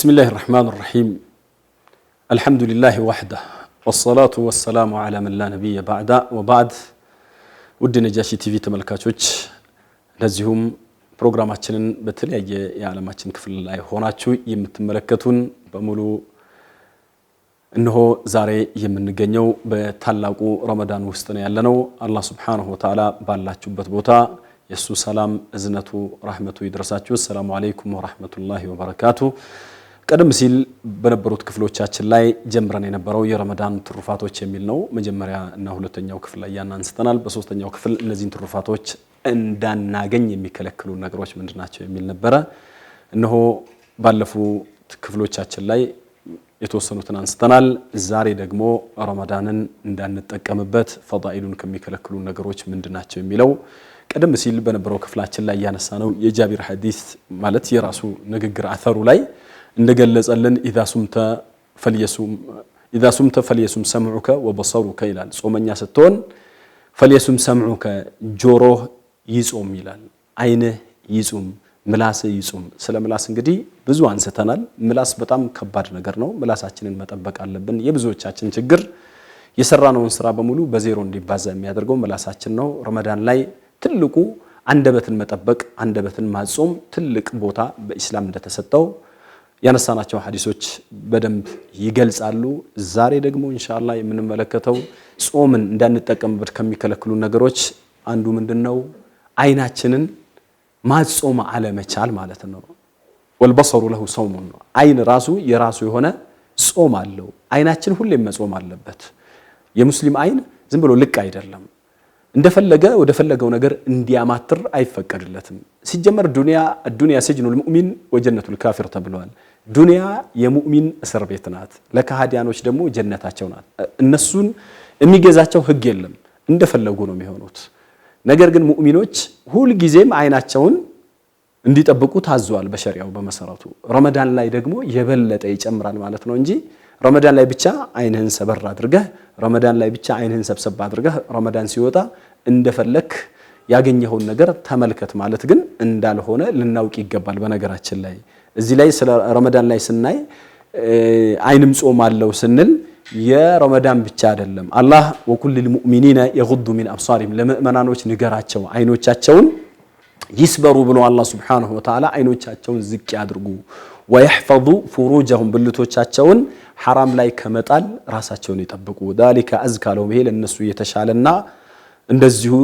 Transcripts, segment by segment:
بسم الله الرحمن الرحيم الحمد لله وحده والصلاة والسلام على من لا نبي بعد وبعد ውድ ነጃሺ ቲቪ ተመልካቾች ለዚሁም ፕሮግራማችንን በተለያየ የዓለማችን ክፍል ላይ ሆናችሁ የምትመለከቱን በሙሉ እነሆ ዛሬ የምንገኘው በታላቁ ረመዳን ውስጥ ነው ያለነው። አላህ ሱብሓነሁ ወተዓላ ባላችሁበት ቦታ የእሱ ሰላም እዝነቱ፣ ራህመቱ ይድረሳችሁ። አሰላሙ አለይኩም ወራህመቱላሂ ወበረካቱ። ቀደም ሲል በነበሩት ክፍሎቻችን ላይ ጀምረን የነበረው የረመዳን ትሩፋቶች የሚል ነው። መጀመሪያ እና ሁለተኛው ክፍል ላይ ያን አንስተናል። በሶስተኛው ክፍል እነዚህን ትሩፋቶች እንዳናገኝ የሚከለክሉ ነገሮች ምንድን ናቸው የሚል ነበረ። እነሆ ባለፉት ክፍሎቻችን ላይ የተወሰኑትን አንስተናል። ዛሬ ደግሞ ረመዳንን እንዳንጠቀምበት ፈዳኢሉን ከሚከለክሉ ነገሮች ምንድን ናቸው የሚለው ቀደም ሲል በነበረው ክፍላችን ላይ እያነሳ ነው የጃቢር ሐዲስ ማለት የራሱ ንግግር አተሩ ላይ እንደገለጸልን ኢዛ ሱምተ ፈልየሱም ሰምዑከ ወበሰሩከ ይላል። ጾመኛ ስትሆን ፈልየሱም ሰምዑከ ጆሮህ ይጾም ይላል። አይንህ ይጹም፣ ምላስህ ይጹም። ስለ ምላስ እንግዲህ ብዙ አንስተናል። ምላስ በጣም ከባድ ነገር ነው። ምላሳችንን መጠበቅ አለብን። የብዙዎቻችን ችግር የሰራነውን ስራ በሙሉ በዜሮ እንዲባዛ የሚያደርገው ምላሳችን ነው። ረመዳን ላይ ትልቁ አንደበትን መጠበቅ፣ አንደበትን ማጾም ትልቅ ቦታ በኢስላም እንደተሰጠው ያነሳናቸው ሀዲሶች በደንብ ይገልጻሉ። ዛሬ ደግሞ ኢንሻአላህ የምንመለከተው ጾምን እንዳንጠቀምበት ከሚከለክሉ ነገሮች አንዱ ምንድን ነው? አይናችንን ማጾም አለመቻል ማለት ነው። ወልበሰሩ ለሁ ሰውሙን ነው። አይን ራሱ የራሱ የሆነ ጾም አለው። አይናችን ሁሌም መጾም አለበት። የሙስሊም አይን ዝም ብሎ ልቅ አይደለም። እንደፈለገ ወደፈለገው ነገር እንዲያማትር አይፈቀድለትም። ሲጀመር ዱንያ ዱንያ ሲጅኑ ሙእሚን ወጀነቱ ካፊር ተብለዋል። ዱንያ የሙእሚን እስር ቤት ናት፣ ለካሃዲያኖች ደግሞ ጀነታቸው ናት። እነሱን የሚገዛቸው ህግ የለም፣ እንደፈለጉ ነው የሚሆኑት። ነገር ግን ሙእሚኖች ሁልጊዜም አይናቸውን እንዲጠብቁ ታዘዋል በሸሪያው በመሰረቱ። ረመዳን ላይ ደግሞ የበለጠ ይጨምራል ማለት ነው እንጂ ረመዳን ላይ ብቻ አይንህን ሰበር አድርገህ ረመዳን ላይ ብቻ አይንህን ሰብሰብ አድርገህ ረመዳን ሲወጣ እንደፈለክ ያገኘኸውን ነገር ተመልከት ማለት ግን እንዳልሆነ ልናውቅ ይገባል። በነገራችን ላይ እዚህ ላይ ስለ ረመዳን ላይ ስናይ አይንም ጾም አለው ስንል የረመዳን ብቻ አይደለም። አላህ ወኩል ልሙእሚኒነ የጉዱ ሚን አብሳሪም ለምእመናኖች ንገራቸው አይኖቻቸውን ይስበሩ ብሎ አላህ ሱብሓነሁ ወተዓላ አይኖቻቸውን ዝቅ ያድርጉ ወየሕፈዙ ፉሩጀሁም ብልቶቻቸውን ሐራም ላይ ከመጣል ራሳቸውን ይጠብቁ። ዛሊከ አዝካ ለሁም ይሄ ለእነሱ የተሻለና እንደዚሁ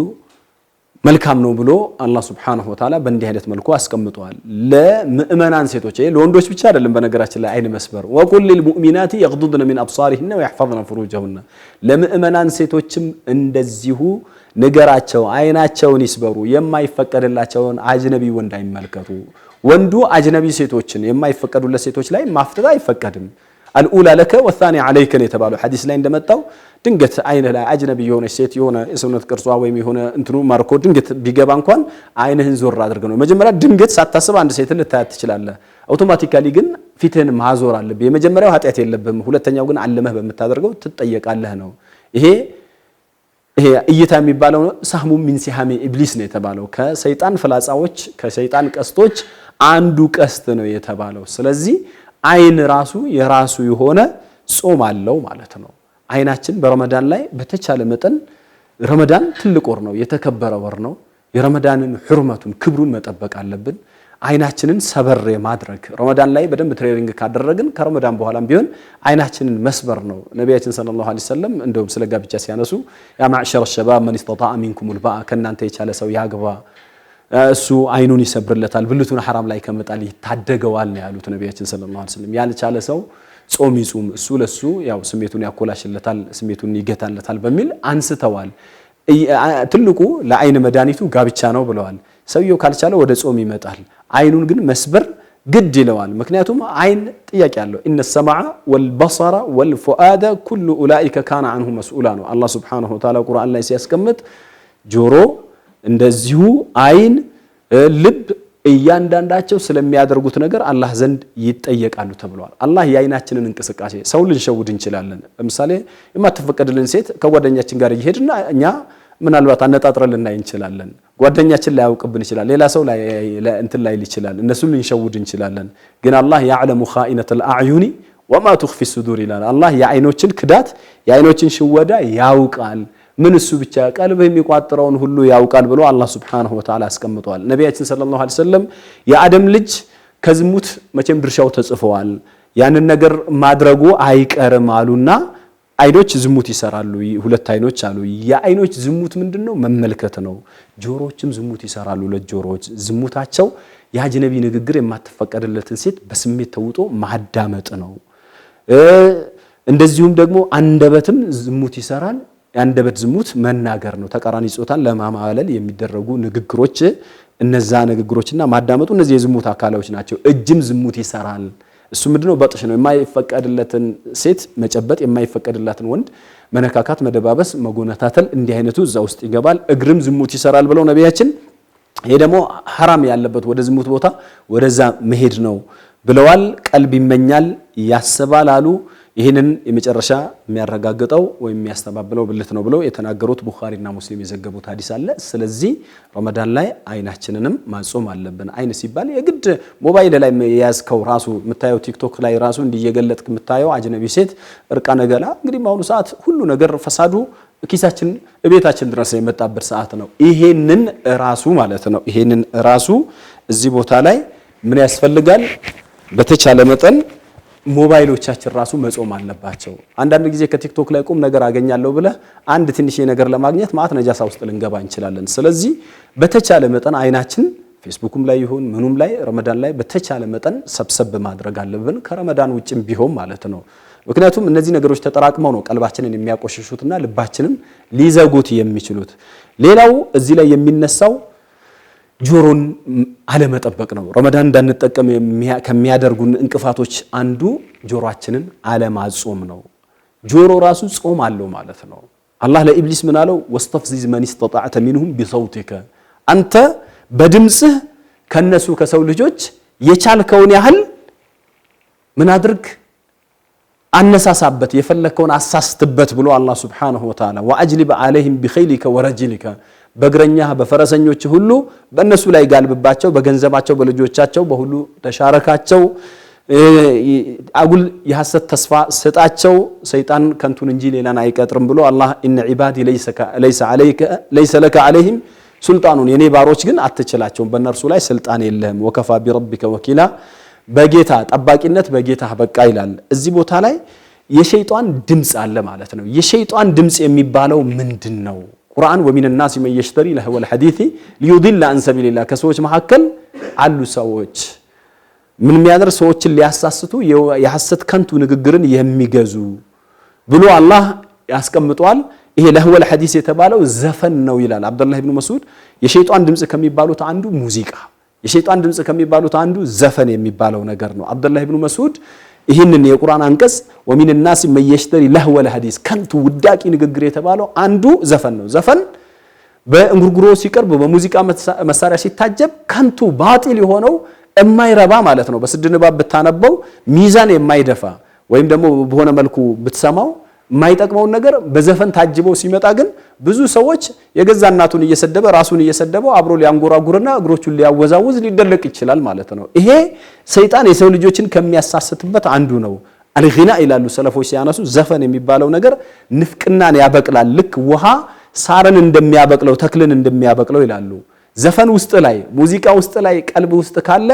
መልካም ነው ብሎ አላህ ሱብሓነሁ ወተዓላ በእንዲህ አይነት መልኩ አስቀምጠዋል። ለምእመናን ሴቶች ለወንዶች ብቻ አይደለም። በነገራችን ላይ አይን መስበር ወቁል ሊልሙእሚናቲ የቅዱድነ ሚን አብሳሪህነ ወየሕፈዝነ ፍሩጀሁነ፣ ለምእመናን ሴቶችም እንደዚሁ ንገራቸው፣ አይናቸውን ይስበሩ፣ የማይፈቀድላቸውን አጅነቢ ወንድ አይመልከቱ። ወንዱ አጅነቢ ሴቶችን የማይፈቀዱለት ሴቶች ላይ ማፍጠጥ አይፈቀድም። አልኡላ ለከ ወሳኒ አለይከ ነው የተባለው። ሐዲስ ላይ እንደመጣው ድንገት አይን ላይ አጅነቢ የሆነች ሴት የሆነ የሰውነት ቅርጿ ወይም የሆነ እንትኑ ማርኮ ድንገት ቢገባ እንኳን አይንህን ዞር አድርገ ነው። መጀመሪያ ድንገት ሳታስብ አንድ ሴትን ልታያት ትችላለህ። አውቶማቲካሊ ግን ፊትህን ማዞር አለብህ። የመጀመሪያው ኃጢአት የለብህም፣ ሁለተኛው ግን አለመህ በምታደርገው ትጠየቃለህ ነው። ይሄ ይሄ እይታ የሚባለው ሳህሙ ሚን ሲሃሚ ኢብሊስ ነው የተባለው። ከሰይጣን ፍላጻዎች ከሰይጣን ቀስቶች አንዱ ቀስት ነው የተባለው። ስለዚህ አይን ራሱ የራሱ የሆነ ጾም አለው ማለት ነው። አይናችን በረመዳን ላይ በተቻለ መጠን ረመዳን ትልቅ ወር ነው፣ የተከበረ ወር ነው። የረመዳንን ህርመቱን ክብሩን መጠበቅ አለብን። አይናችንን ሰበር ማድረግ ረመዳን ላይ በደንብ ትሬኒንግ ካደረግን ከረመዳን በኋላም ቢሆን አይናችንን መስበር ነው። ነቢያችን ሰለላሁ ዐለይሂ ወሰለም እንደውም ስለ ጋብቻ ሲያነሱ ያ ማዕሸረ ሸባብ መን ኢስተጣዐ ሚንኩም ባአ ከእናንተ የቻለ ሰው ያግባ እሱ አይኑን ይሰብርለታል፣ ብልቱን ሐራም ላይ ከመጣል ይታደገዋል ነው ያሉት ነቢያችን ሰለላሁ ዐለይሂ ወሰለም። ያልቻለ ሰው ጾም ይጹም፣ እሱ ለሱ ያው ስሜቱን ያኮላሽለታል፣ ስሜቱን ይገታለታል በሚል አንስተዋል። ትልቁ ለአይን መድኃኒቱ ጋብቻ ነው ብለዋል። ሰውየው ካልቻለ ወደ ጾም ይመጣል። አይኑን ግን መስበር ግድ ይለዋል። ምክንያቱም አይን ጥያቄ አለው። ኢነ ሰማዓ ወልበሰራ ወልፉአደ ኩሉ ኡላኢከ ካነ አንሁ መስኡላ ነው አላህ ሱብሓነሁ ወተዓላ ቁርአን ላይ ሲያስቀምጥ ጆሮ እንደዚሁ አይን፣ ልብ እያንዳንዳቸው ስለሚያደርጉት ነገር አላህ ዘንድ ይጠየቃሉ ተብለዋል። አላህ የአይናችንን እንቅስቃሴ ሰው ልንሸውድ እንችላለን። ለምሳሌ የማትፈቀድልን ሴት ከጓደኛችን ጋር እየሄድና እኛ ምናልባት አነጣጥረን ልናይ እንችላለን። ጓደኛችን ላያውቅብን ይችላል። ሌላ ሰው እንትን ላይል ይችላል። እነሱ ልንሸውድ እንችላለን። ግን አላህ ያዕለሙ ኻኢነተል አዕዩኒ ወማ ቱኽፊ ሱዱር ይላል። አላህ የአይኖችን ክዳት የአይኖችን ሽወዳ ያውቃል። ምን እሱ ብቻ ቀልብህ የሚቋጥረውን ሁሉ ያውቃል ብሎ አላህ ሱብሓነሁ ወተዓላ አስቀምጧል። ነቢያችን ሰለላሁ ዐለይሂ ወሰለም የአደም ልጅ ከዝሙት መቼም ድርሻው ተጽፈዋል፣ ያንን ነገር ማድረጉ አይቀርም አሉና አይኖች ዝሙት ይሰራሉ። ሁለት አይኖች አሉ። የአይኖች ዝሙት ምንድነው? መመልከት ነው። ጆሮዎችም ዝሙት ይሰራሉ። ሁለት ጆሮዎች ዝሙታቸው የአጅነቢ ንግግር የማትፈቀድለትን ሴት በስሜት ተውጦ ማዳመጥ ነው። እንደዚሁም ደግሞ አንደበትም ዝሙት ይሰራል። የአንደበት ዝሙት መናገር ነው። ተቃራኒ ጾታን ለማማለል የሚደረጉ ንግግሮች፣ እነዛ ንግግሮችና ማዳመጡ እነዚህ የዝሙት አካላዎች ናቸው። እጅም ዝሙት ይሰራል። እሱ ምንድነው? በጥሽ ነው። የማይፈቀድለትን ሴት መጨበጥ፣ የማይፈቀድላትን ወንድ መነካካት፣ መደባበስ፣ መጎነታተል፣ እንዲህ አይነቱ እዛ ውስጥ ይገባል። እግርም ዝሙት ይሰራል ብለው ነቢያችን፣ ይሄ ደግሞ ሐራም ያለበት ወደ ዝሙት ቦታ ወደዛ መሄድ ነው ብለዋል። ቀልብ ይመኛል፣ ያስባል አሉ። ይህንን የመጨረሻ የሚያረጋግጠው ወይም የሚያስተባብለው ብልት ነው ብለው የተናገሩት ቡኻሪና ሙስሊም የዘገቡት ሀዲስ አለ። ስለዚህ ረመዳን ላይ አይናችንንም ማጾም አለብን። አይን ሲባል የግድ ሞባይል ላይ የያዝከው ራሱ የምታየው ቲክቶክ ላይ ራሱ እንዲየገለጥክ የምታየው አጅነቢ ሴት እርቃ ነገላ እንግዲህ በአሁኑ ሰዓት ሁሉ ነገር ፈሳዱ ኪሳችን ቤታችን ድረስ የመጣበት ሰዓት ነው። ይሄንን ራሱ ማለት ነው ይሄንን ራሱ እዚህ ቦታ ላይ ምን ያስፈልጋል በተቻለ መጠን ሞባይሎቻችን ራሱ መጾም አለባቸው። አንዳንድ ጊዜ ከቲክቶክ ላይ ቁም ነገር አገኛለሁ ብለህ አንድ ትንሽ ነገር ለማግኘት ማት ነጃሳ ውስጥ ልንገባ እንችላለን። ስለዚህ በተቻለ መጠን አይናችን ፌስቡክም ላይ ይሁን ምኑም ላይ ረመዳን ላይ በተቻለ መጠን ሰብሰብ ማድረግ አለብን፣ ከረመዳን ውጭም ቢሆን ማለት ነው። ምክንያቱም እነዚህ ነገሮች ተጠራቅመው ነው ቀልባችንን የሚያቆሽሹትና ልባችንን ሊዘጉት የሚችሉት። ሌላው እዚህ ላይ የሚነሳው ጆሮን አለመጠበቅ ነው። ረመዳን እንዳንጠቀም ከሚያደርጉን እንቅፋቶች አንዱ ጆሮአችንን አለማጾም ነው። ጆሮ ራሱ ጾም አለው ማለት ነው። አላህ ለኢብሊስ ምን አለው? ወስተፍዚዝ መን ስተጣዕተ ሚንሁም ቢሰውቲከ፣ አንተ በድምፅህ ከነሱ ከሰው ልጆች የቻልከውን ያህል ምን አድርግ አነሳሳበት፣ የፈለግከውን አሳስትበት ብሎ አላህ ሱብሓነሁ ወተዓላ ወአጅሊብ ዓለይሂም ቢኸይሊከ ወረጅሊከ በእግረኛ በፈረሰኞች ሁሉ በእነሱ ላይ ጋልብባቸው፣ በገንዘባቸው፣ በልጆቻቸው፣ በሁሉ ተሻረካቸው፣ አጉል የሐሰት ተስፋ ስጣቸው። ሰይጣን ከንቱን እንጂ ሌላን አይቀጥርም ብሎ አላህ ኢነ ዒባዲ ለይሰ ለከ ዐለይሂም ሱልጣኑን የኔ ባሮች ግን አትችላቸውም፣ በእነርሱ ላይ ስልጣን የለህም። ወከፋ ቢረቢከ ወኪላ በጌታ ጠባቂነት በጌታ በቃ ይላል። እዚህ ቦታ ላይ የሸይጧን ድምፅ አለ ማለት ነው። የሸይጧን ድምፅ የሚባለው ምንድን ነው? ቁርአን ወሚንና ሲመየሽተሪ ለህወል ሐዲቲ ሊዩዲል አን ሰቢልላ ከሰዎች መካከል አሉ ሰዎች ምን የሚያደርግ ሰዎችን ሊያሳስቱ የሐሰት ከንቱ ንግግርን የሚገዙ ብሎ አላህ ያስቀምጧል። ይሄ ለህወል ሐዲስ የተባለው ዘፈን ነው ይላል አብደላህ ብኑ መስዑድ። የሸይጣን ድምፅ ከሚባሉት አንዱ ሙዚቃ፣ የሸይጣን ድምፅ ከሚባሉት አንዱ ዘፈን የሚባለው ነገር ነው አብደላህ ብኑ መስዑድ ይህንን የቁርአን አንቀጽ ወሚን ናስ መየሽተሪ ለህወል ሐዲስ ከንቱ ውዳቂ ንግግር የተባለው አንዱ ዘፈን ነው። ዘፈን በእንጉርጉሮ ሲቀርብ በሙዚቃ መሳሪያ ሲታጀብ ከንቱ ባጢል የሆነው የማይረባ ማለት ነው። በስድ ንባብ ብታነበው ሚዛን የማይደፋ ወይም ደግሞ በሆነ መልኩ ብትሰማው የማይጠቅመውን ነገር በዘፈን ታጅበው ሲመጣ ግን ብዙ ሰዎች የገዛ እናቱን እየሰደበ ራሱን እየሰደበው አብሮ ሊያንጎራጉርና እግሮቹን ሊያወዛውዝ ሊደለቅ ይችላል ማለት ነው። ይሄ ሰይጣን የሰው ልጆችን ከሚያሳስትበት አንዱ ነው። አልኺና ይላሉ ሰለፎች ሲያነሱ፣ ዘፈን የሚባለው ነገር ንፍቅናን ያበቅላል። ልክ ውሃ ሳርን እንደሚያበቅለው ተክልን እንደሚያበቅለው ይላሉ። ዘፈን ውስጥ ላይ ሙዚቃ ውስጥ ላይ ቀልብ ውስጥ ካለ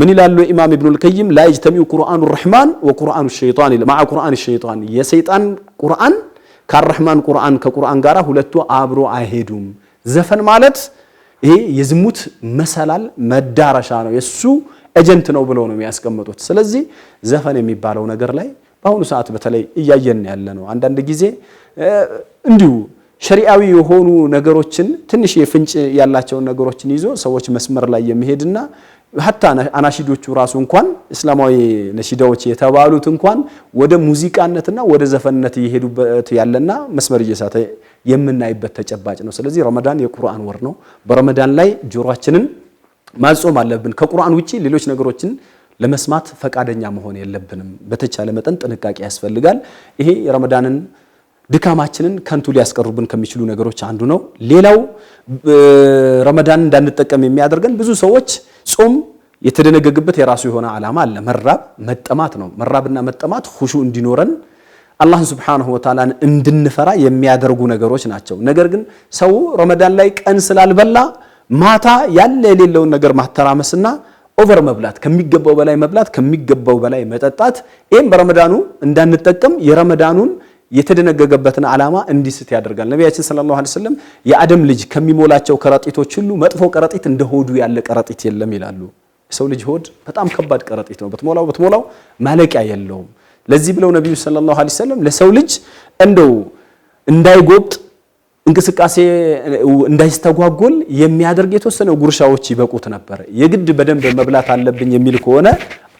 ምን ይላሉ ኢማም ኢብኑል ቀይም ላይጅተሚዑ ቁርአኑ ረሕማን ወቁርአኑ ሸይጣን ማዓ ቁርአን ሸይጣን የሰይጣን ቁርአን ከአረሕማን ቁርአን ከቁርአን ጋር ሁለቱ አብሮ አይሄዱም ዘፈን ማለት ይሄ የዝሙት መሰላል መዳረሻ ነው የእሱ ኤጀንት ነው ብለው ነው የሚያስቀምጡት ስለዚህ ዘፈን የሚባለው ነገር ላይ በአሁኑ ሰዓት በተለይ እያየን ያለ ነው አንዳንድ ጊዜ እንዲሁ ሸሪአዊ የሆኑ ነገሮችን ትንሽ የፍንጭ ያላቸውን ነገሮችን ይዞ ሰዎች መስመር ላይ የሚሄድና ሀታ አናሺዶቹ ራሱ እንኳን እስላማዊ ነሺዳዎች የተባሉት እንኳን ወደ ሙዚቃነትና ወደ ዘፈንነት እየሄዱበት ያለና መስመር እየሳተ የምናይበት ተጨባጭ ነው። ስለዚህ ረመዳን የቁርአን ወር ነው። በረመዳን ላይ ጆሯችንን ማጾም አለብን። ከቁርአን ውጭ ሌሎች ነገሮችን ለመስማት ፈቃደኛ መሆን የለብንም። በተቻለ መጠን ጥንቃቄ ያስፈልጋል። ይሄ የረመዳንን ድካማችንን ከንቱ ሊያስቀሩብን ከሚችሉ ነገሮች አንዱ ነው። ሌላው ረመዳን እንዳንጠቀም የሚያደርገን ብዙ ሰዎች ጾም የተደነገገበት የራሱ የሆነ ዓላማ አለ። መራብ መጠማት ነው። መራብና መጠማት ሁሹ እንዲኖረን አላህን ሱብሓነሁ ወተዓላን እንድንፈራ የሚያደርጉ ነገሮች ናቸው። ነገር ግን ሰው ረመዳን ላይ ቀን ስላልበላ ማታ ያለ የሌለውን ነገር ማተራመስና ኦቨር መብላት ከሚገባው በላይ መብላት ከሚገባው በላይ መጠጣት፣ ይህም በረመዳኑ እንዳንጠቀም የረመዳኑን የተደነገገበትን ዓላማ እንዲስት ያደርጋል። ነቢያችን ሰለላሁ ዐለይሂ ወሰለም የአደም ልጅ ከሚሞላቸው ከረጢቶች ሁሉ መጥፎ ከረጢት እንደ ሆዱ ያለ ከረጢት የለም ይላሉ። የሰው ልጅ ሆድ በጣም ከባድ ከረጢት ነው። ብትሞላው ብትሞላው ማለቂያ የለውም። ለዚህ ብለው ነቢዩ ሰለላሁ ዐለይሂ ወሰለም ለሰው ልጅ እንደው እንዳይጎብጥ እንቅስቃሴ እንዳይስተጓጎል የሚያደርግ የተወሰነ ጉርሻዎች ይበቁት ነበር። የግድ በደንብ መብላት አለብኝ የሚል ከሆነ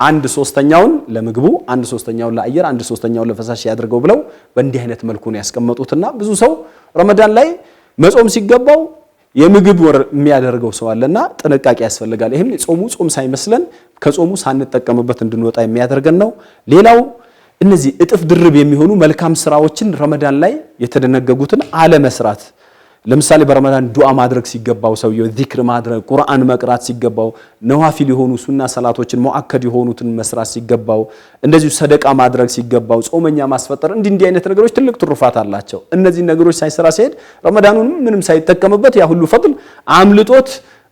አንድ ሶስተኛውን ለምግቡ፣ አንድ ሶስተኛውን ለአየር፣ አንድ ሶስተኛውን ለፈሳሽ ያድርገው ብለው በእንዲህ አይነት መልኩ ነው ያስቀመጡትና ብዙ ሰው ረመዳን ላይ መጾም ሲገባው የምግብ ወር የሚያደርገው ሰው አለና ጥንቃቄ ያስፈልጋል። ይህም ጾሙ ጾም ሳይመስለን ከጾሙ ሳንጠቀምበት እንድንወጣ የሚያደርገን ነው። ሌላው እነዚህ እጥፍ ድርብ የሚሆኑ መልካም ስራዎችን ረመዳን ላይ የተደነገጉትን አለመስራት ለምሳሌ በረመዳን ዱዓ ማድረግ ሲገባው ሰውየው ዚክር ማድረግ፣ ቁርአን መቅራት ሲገባው፣ ነዋፊል የሆኑ ሱና ሰላቶችን መዋከድ የሆኑትን መስራት ሲገባው፣ እንደዚሁ ሰደቃ ማድረግ ሲገባው፣ ጾመኛ ማስፈጠር፣ እንዲህ እንዲህ አይነት ነገሮች ትልቅ ትሩፋት አላቸው። እነዚህ ነገሮች ሳይሰራ ሲሄድ ረመዳኑን ምንም ሳይጠቀምበት ያ ሁሉ ፈጥል አምልጦት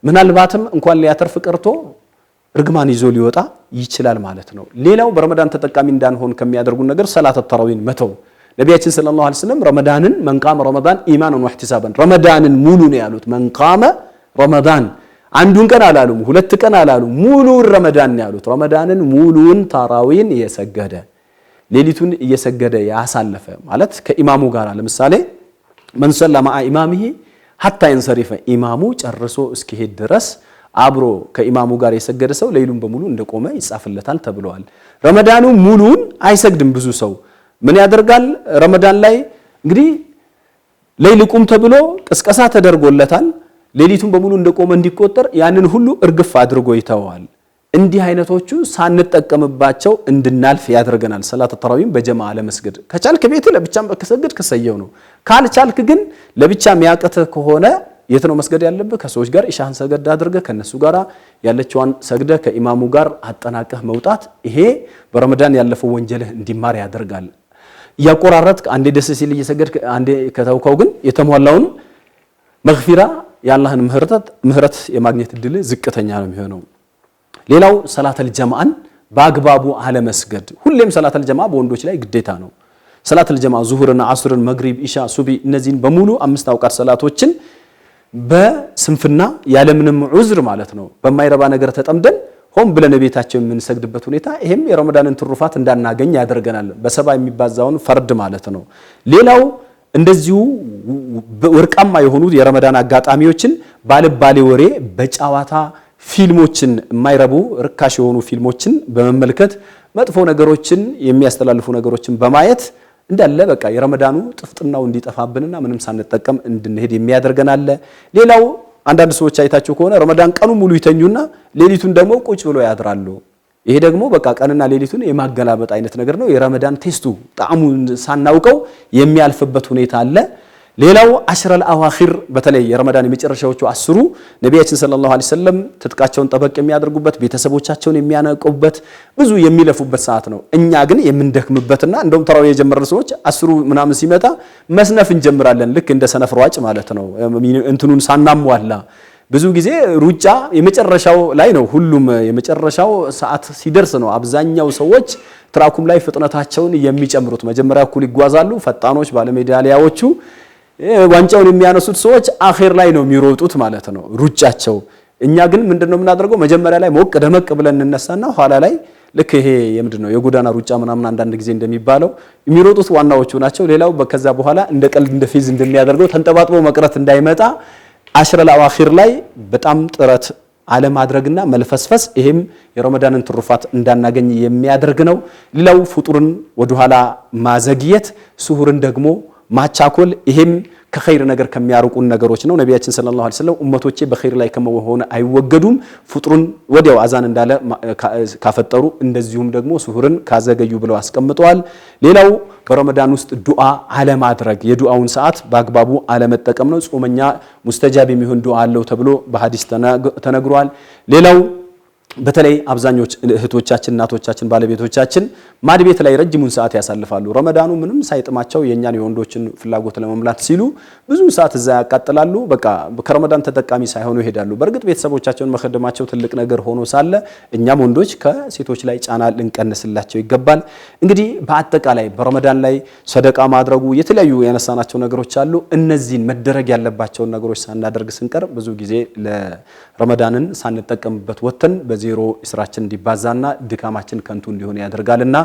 ምናልባትም እንኳን ሊያተርፍ ቀርቶ እርግማን ይዞ ሊወጣ ይችላል ማለት ነው። ሌላው በረመዳን ተጠቃሚ እንዳንሆን ከሚያደርጉን ነገር ሰላት ተራዊን መተው። ነቢያችን ሰለላሁ ዐለይሂ ወሰለም ረመዳንን መንቃመ ረመዳን ኢማንን ወህቲሳበን ረመዳንን ሙሉ ነው ያሉት። መንቃመ ረመዳን አንዱን ቀን አላሉም፣ ሁለት ቀን አላሉም፣ ሙሉውን ረመዳን ነው ያሉት። ረመዳንን ሙሉውን ታራዊን እየሰገደ ሌሊቱን እየሰገደ ያሳለፈ ማለት ከኢማሙ ጋር ለምሳሌ መንሰላ ማአ ኢማሚሂ ሐታ የንሰሪፈ ኢማሙ ጨርሶ እስኪሄድ ድረስ አብሮ ከኢማሙ ጋር የሰገደ ሰው ሌሉን በሙሉ እንደቆመ ይጻፍለታል ተብለዋል። ረመዳኑ ሙሉን አይሰግድም። ብዙ ሰው ምን ያደርጋል? ረመዳን ላይ እንግዲህ ሌሊት ቁም ተብሎ ቅስቀሳ ተደርጎለታል። ሌሊቱን በሙሉ እንደቆመ እንዲቆጠር ያንን ሁሉ እርግፍ አድርጎ ይተዋል። እንዲህ አይነቶቹ ሳንጠቀምባቸው እንድናልፍ ያደርገናል። ሰላት ተራዊም በጀማ ለመስገድ ከቻልክ ቤት ለብቻም ከሰግድ ከሰየው ነው። ካልቻልክ ግን ለብቻ ሚያቀተ ከሆነ የት ነው መስገድ ያለብህ? ከሰዎች ጋር ኢሻህን ሰገድ አድርገህ ከነሱ ጋር ያለችዋን ሰግደህ ከኢማሙ ጋር አጠናቀህ መውጣት። ይሄ በረመዳን ያለፈው ወንጀልህ እንዲማር ያደርጋል። እያቆራረጥክ አንዴ ደስ ሲል እየሰገድክ አንዴ ከተውከው ግን የተሟላውን መግፊራ የአላህን ምህረት የማግኘት እድል ዝቅተኛ ነው የሚሆነው። ሌላው ሰላተል ጀማአን በአግባቡ አለመስገድ። ሁሌም ሰላተል ጀማአ በወንዶች ላይ ግዴታ ነው። ሰላተል ጀማአ ዙሁርና አስርን፣ መግሪብ፣ ኢሻ፣ ሱቢ እነዚህን በሙሉ አምስት አውቃት ሰላቶችን በስንፍና ያለምንም ዑዝር ማለት ነው በማይረባ ነገር ተጠምደን ሆን ብለን ቤታቸው የምንሰግድበት ሁኔታ ይሄም የረመዳንን ትሩፋት እንዳናገኝ ያደርገናል። በሰባ የሚባዛውን ፈርድ ማለት ነው። ሌላው እንደዚሁ ወርቃማ የሆኑ የረመዳን አጋጣሚዎችን ባልባሌ ወሬ፣ በጨዋታ ፊልሞችን፣ የማይረቡ ርካሽ የሆኑ ፊልሞችን በመመልከት መጥፎ ነገሮችን የሚያስተላልፉ ነገሮችን በማየት እንዳለ በቃ የረመዳኑ ጥፍጥናው እንዲጠፋብንና ምንም ሳንጠቀም እንድንሄድ የሚያደርገን አለ። ሌላው አንዳንድ ሰዎች አይታቸው ከሆነ ረመዳን ቀኑ ሙሉ ይተኙና ሌሊቱን ደግሞ ቁጭ ብሎ ያድራሉ። ይሄ ደግሞ በቃ ቀንና ሌሊቱን የማገላበጥ አይነት ነገር ነው። የረመዳን ቴስቱ ጣዕሙን ሳናውቀው የሚያልፍበት ሁኔታ አለ። ሌላው አሽረል አዋኺር በተለይ የረመዳን የመጨረሻዎቹ አስሩ ነቢያችን ሰለላሁ ዐለይሂ ወሰለም ትጥቃቸውን ጠበቅ የሚያደርጉበት ቤተሰቦቻቸውን የሚያነቁበት ብዙ የሚለፉበት ሰዓት ነው። እኛ ግን የምንደክምበትና እንደውም ተራዊ የጀመረን ሰዎች አስሩ ምናምን ሲመጣ መስነፍ እንጀምራለን። ልክ እንደ ሰነፍ ሯጭ ማለት ነው። እንትኑን ሳናሟላ ብዙ ጊዜ ሩጫ የመጨረሻው ላይ ነው። ሁሉም የመጨረሻው ሰዓት ሲደርስ ነው አብዛኛው ሰዎች ትራኩም ላይ ፍጥነታቸውን የሚጨምሩት። መጀመሪያ እኩል ይጓዛሉ ፈጣኖች ባለሜዳሊያዎቹ ዋንጫውን የሚያነሱት ሰዎች አኼር ላይ ነው የሚሮጡት ማለት ነው ሩጫቸው። እኛ ግን ምንድነው የምናደርገው? መጀመሪያ ላይ ሞቅ ደመቅ ብለን እንነሳና ኋላ ላይ ልክ ይሄ የምንድን ነው የጎዳና ሩጫ ምናምን አንዳንድ ጊዜ እንደሚባለው የሚሮጡት ዋናዎቹ ናቸው። ሌላው ከዛ በኋላ እንደ ቀልድ እንደ ፌዝ እንደሚያደርገው ተንጠባጥቦ መቅረት እንዳይመጣ አሽረል አዋኺር ላይ በጣም ጥረት አለማድረግና መልፈስፈስ፣ ይሄም የረመዳንን ትሩፋት እንዳናገኝ የሚያደርግ ነው። ሌላው ፍጡርን ወደኋላ ማዘግየት፣ ስሁርን ደግሞ ማቻኮል ይሄም ከኸይር ነገር ከሚያርቁን ነገሮች ነው። ነቢያችን ሰለላሁ ዐለይሂ ወሰለም ኡመቶቼ በኸይር ላይ ከመሆን አይወገዱም፣ ፍጡሩን ወዲያው አዛን እንዳለ ካፈጠሩ፣ እንደዚሁም ደግሞ ስሁርን ካዘገዩ ብለው አስቀምጠዋል። ሌላው በረመዳን ውስጥ ዱዓ አለማድረግ የዱዓውን ሰዓት በአግባቡ አለመጠቀም ነው። ጾመኛ ሙስተጃብ የሚሆን ዱዓ አለው ተብሎ በሐዲስ ተነግሯል። ሌላው በተለይ አብዛኞች እህቶቻችን፣ እናቶቻችን፣ ባለቤቶቻችን ማድቤት ላይ ረጅሙን ሰዓት ያሳልፋሉ። ረመዳኑ ምንም ሳይጥማቸው የእኛን የወንዶችን ፍላጎት ለመምላት ሲሉ ብዙ ሰዓት እዛ ያቃጥላሉ። በቃ ከረመዳን ተጠቃሚ ሳይሆኑ ይሄዳሉ። በእርግጥ ቤተሰቦቻቸውን መከደማቸው ትልቅ ነገር ሆኖ ሳለ እኛም ወንዶች ከሴቶች ላይ ጫና ልንቀንስላቸው ይገባል። እንግዲህ በአጠቃላይ በረመዳን ላይ ሰደቃ ማድረጉ የተለያዩ ያነሳናቸው ነገሮች አሉ። እነዚህን መደረግ ያለባቸውን ነገሮች ሳናደርግ ስንቀር ብዙ ጊዜ ለረመዳንን ሳንጠቀምበት ወጥተን ዜሮ ስራችን እንዲባዛና ድካማችን ከንቱ እንዲሆን ያደርጋልና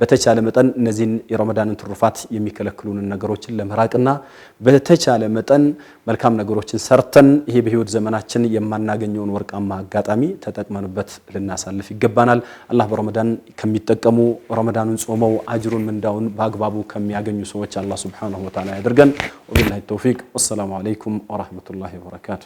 በተቻለ መጠን እነዚህን የረመዳንን ትሩፋት የሚከለክሉንን ነገሮችን ለመራቅና በተቻለ መጠን መልካም ነገሮችን ሰርተን ይሄ በህይወት ዘመናችን የማናገኘውን ወርቃማ አጋጣሚ ተጠቅመንበት ልናሳልፍ ይገባናል። አላህ በረመዳን ከሚጠቀሙ ረመዳኑን ጾመው አጅሩን ምንዳውን በአግባቡ ከሚያገኙ ሰዎች አላህ ሱብሓነሁ ወተዓላ ያድርገን። ወቢላሂ ተውፊቅ። ወሰላሙ አለይኩም ወረህመቱላሂ ወበረካቱ።